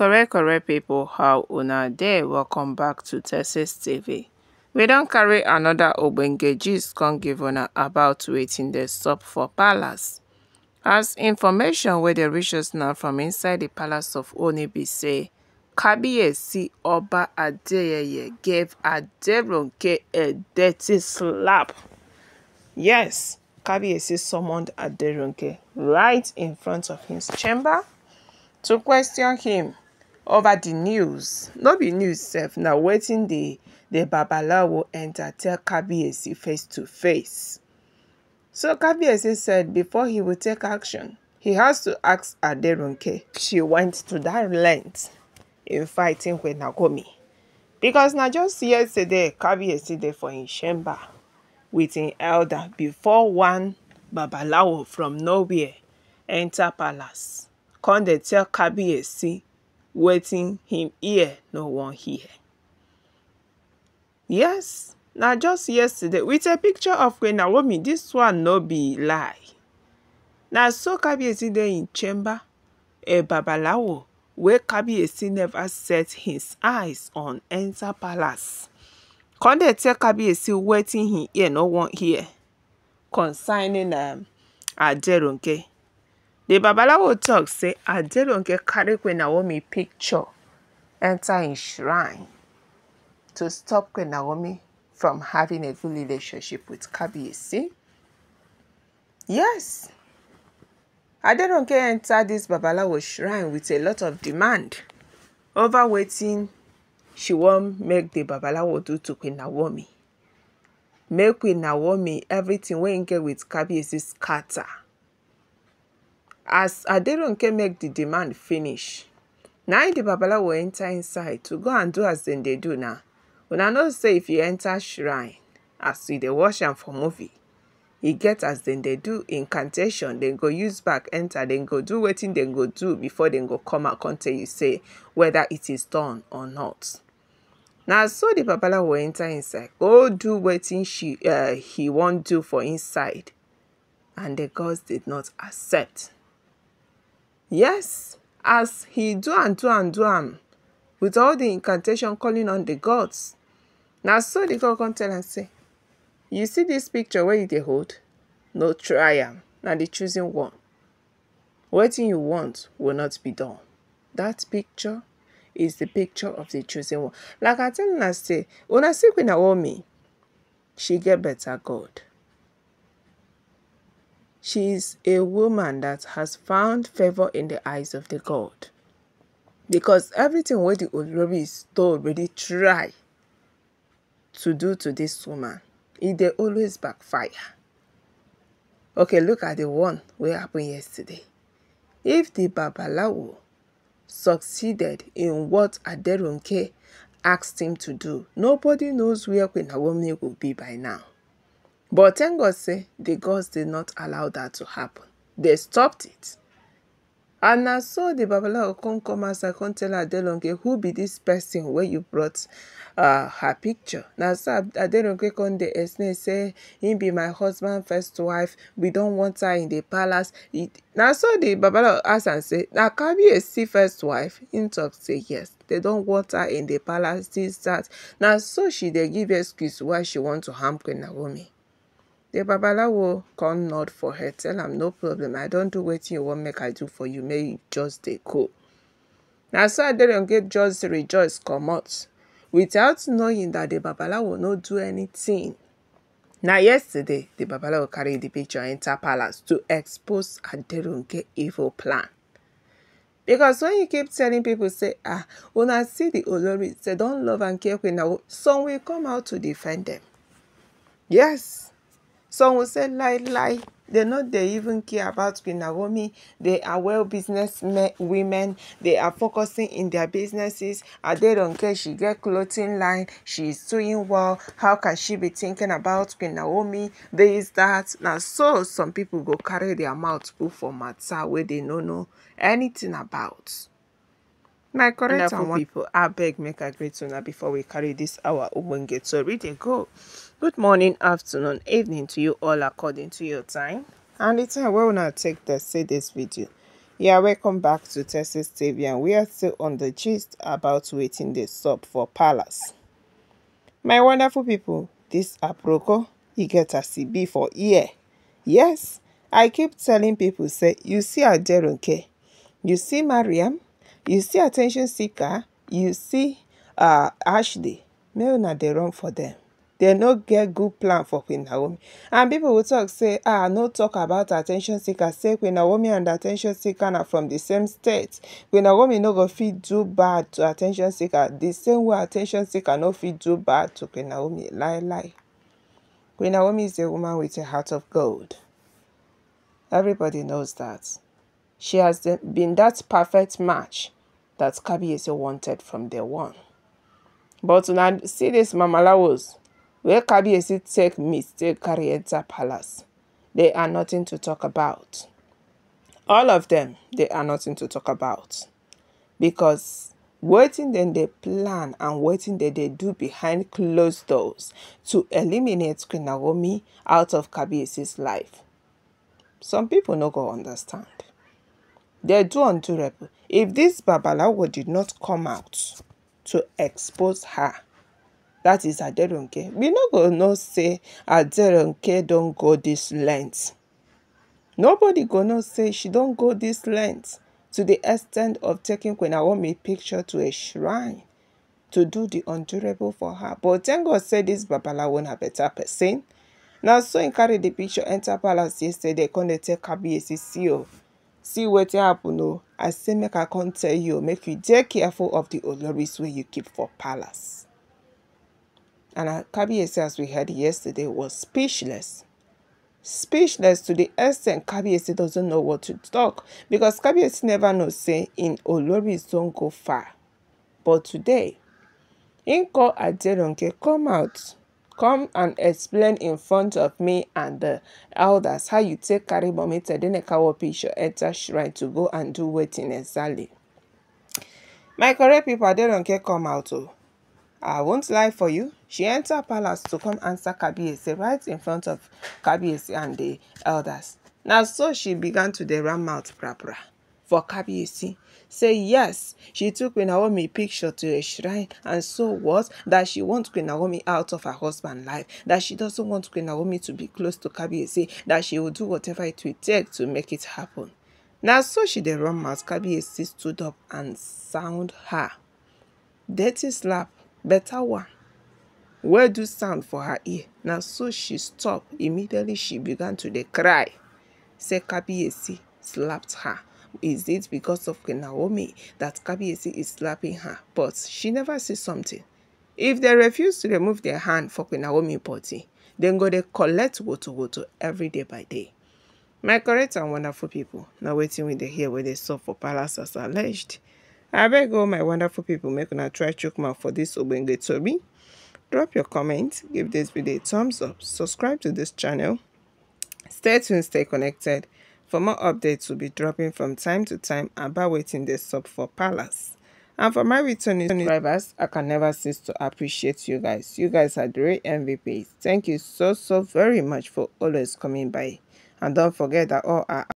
correct correct pipo how una dey welcome back to texas tv we don carry anoda ogbonge gist come give una about wetin dey sup for palace as information wey dey reach us now from inside di palace of oni be say kabiyesi Oba adeyeye gave aderonke a dirty slap yes kabiyesi summoned aderonke right in front of his chamber to question him over the news no be news sef na wetin dey the babalawo enter tell kabiyesi face to face so kabiyesi said before he will take action he has to ask aderonke she went to that length in fighting with nagomi because na just yesterday kabiyesi dey for im chamber with im elder before one babalawo from nowhere enter palace come dey tell kabiyesi wetin him ear no wan hear yes na just yesterday with a picture of queen naomi dis one no be lie na so kabiyesi dey im chamber a babalawo wey kabiyesi never set his eyes on enter palace come dey tell kabiyesi wetin him ear no wan hear concerning um aderonke The babalawo tok say adeleke carry queen naomi picture enter im shrine to stop queen naomi from having a good relationship with kabiyesi yes adeleke enter this babalawo shrine with a lot of demand over wetin she wan make the babalawo do to queen naomi make queen naomi everything wey im e get with kabiyesi scatter as aderonke make the demand finish now the di will enter inside to go and do as then they do now I know say if you enter shrine as we the wash and for movie he get as then they do incantation then go use back enter then go do waiting, then go do before then go come out come tell you say whether it is done or not Now so the di will enter inside go do waiting she uh, he won't do for inside and the gods did not accept Yes, as he do and do and do am with all the incantation calling on the gods. Now, so the god come tell and say, you see this picture where they hold? No try am, the choosing one. Wetin you want will not be done. That picture is the picture of the chosen one. Like I tell una say, I see Queen Naomi, she get better God. She is a woman that has found favor in the eyes of the God. Because everything what the Olori is already try to do to this woman, it they always backfire. Okay, look at the one what happened yesterday. If the Babalawo succeeded in what Aderonke asked him to do, nobody knows where Queen Naomi will be by now. But thank God say the gods did not allow that to happen. They stopped it. And na so the Babalawo come come I come tell Adelonke who be this person where you brought uh, her picture. Now so Adelonke come the explain say him be my husband first wife we don't want her in the palace. It, na so the Babalawo ask and say "Now can be a see first wife? Him talk say yes they don't want her in the palace this that. Now so she dey give excuse why she want to harm Queen Naomi the babalawo con nod for her. tell am no problem i don do wetin you wan make i do for you make you just dey go. na so aderonke just rejoice comot without knowing that the babalawo no do anything na yesterday the babalawo carry the picture enter palace to expose aderonke evil plan because when you keep telling people say ah una see the olori say don love and care queen na some will come out to defend them yes Some will say, lie, lie. They know they even care about Queen Naomi. They are well business men, women. They are focusing in their businesses. And they don't care. She get clothing line. She is doing well. How can she be thinking about Queen Naomi? This, that. Now, so some people go carry their mouth full for matter where they don't know anything about. My correct and people, I beg make a great sooner before we carry this our Ubunge. So read and go. good morning afternoon evening to you all according to your time and the time we will now take to see this video yeah welcome back to texas tv and we are still on the gist about waiting the sub for palace my wonderful people this aproko you get a cb for yeah. yes i keep telling people say you see aderonke you see mariam you see attention seeker you see uh ashley may una dey run for them dem no get good plan for queen naomi and pipo go tok say ah no tok about at ten tion seeker say queen naomi and at ten tion seeker na from di same state queen naomi no go fit do bad to at ten tion seeker di same way at ten tion seeker no fit do bad to queen naomi lailai queen naomi is a woman with a heart of gold everybody knows that she has been that perfect match that kabiyesi wanted from day one but una see dis mamalawos Where Kabiesi take mistake carry enter palace, they are nothing to talk about. All of them, they are nothing to talk about. Because waiting then they plan and waiting that they do behind closed doors to eliminate Queen Naomi out of Kabiesi's life. Some people no go understand. They do undurable. If this Babalawo did not come out to expose her, that is aderonke we no go know say aderonke don go this length nobody go know say she don't go this length to the extent of taking Queen Naomi picture to a shrine to do the undurable for her. But thank God say this Babalawo a better person. Now so im carry the picture enter palace yesterday, come dey tell Kabiyesi see o. Oh, see wetin happen o. Oh. I say make I come tell you, oh, make you dey careful of the Oloris wey you keep for palace. And Kabiesi, as we heard yesterday, was speechless. Speechless to the extent Kabiesi doesn't know what to talk because Kabiesi never knows, say, in Olori's don't go far. But today, Inko Adelonke come out come and explain in front of me and the elders how you take carry mommy Tedenekawa picture enter shrine to go and do waiting exactly. My correct people, they don't come out. Oh. I won't lie for you. She entered palace to come answer Kabiese right in front of Kabiese and the elders. Now so she began to deram out prapra for Kabiesi. Say yes, she took Queen Naomi picture to a shrine and so was that she wants Queen Naomi out of her husband's life, that she doesn't want Queen Naomi to be close to Kabiesi, that she will do whatever it will take to make it happen. Now so she the rumors, Kabiesi stood up and sound her. Dirty slap Better one. Word do sound for her ear. Now so she stopped. Immediately she began to dey cry. Say Kabiyesi slapped her. Is it because of Naomi that Kabiyesi is slapping her? But she never says something. If they refuse to remove their hand for Naomi body, then go dey collect woto woto every day by day. My correct and wonderful people, now waiting we the hear where they saw for palace as alleged. I beg all my wonderful people make una try chook mouth for this ogbenge tobi. Drop your comment, give this video a thumbs up, subscribe to this channel. Stay tuned, stay connected. For more updates will be dropping from time to time about waiting the sub for Palace. And for my returning subscribers, I can never cease to appreciate you guys. You guys are the real MVPs. Thank you so, so very much for always coming by. And don't forget that all our